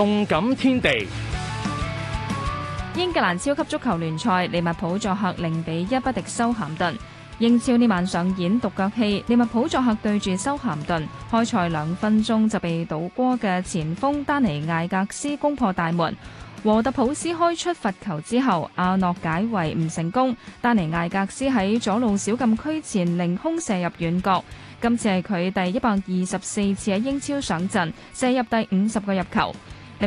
動感天地。英格蘭超級足球聯賽，利物浦作客零比一不敵修咸頓。英超呢晚上演獨角戲，利物浦作客對住修咸頓，開賽兩分鐘就被倒戈嘅前鋒丹尼艾格斯攻破大門。和特普斯開出罰球之後，阿諾解圍唔成功，丹尼艾格斯喺左路小禁區前凌空射入遠角。今次係佢第一百二十四次喺英超上陣，射入第五十個入球。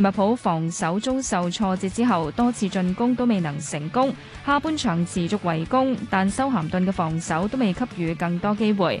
利物浦防守中受挫折之後，多次進攻都未能成功。下半場持續圍攻，但修咸頓嘅防守都未給予更多機會。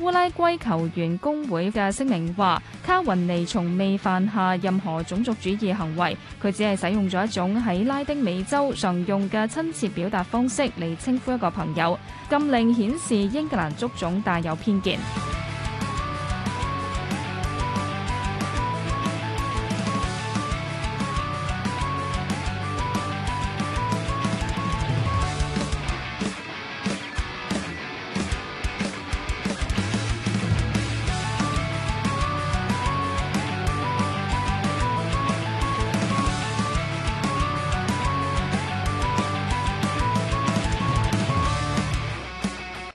烏拉圭球員工會嘅聲明話：卡雲尼從未犯下任何種族主義行為，佢只係使用咗一種喺拉丁美洲常用嘅親切表達方式嚟稱呼一個朋友，禁令顯示英格蘭足總帶有偏見。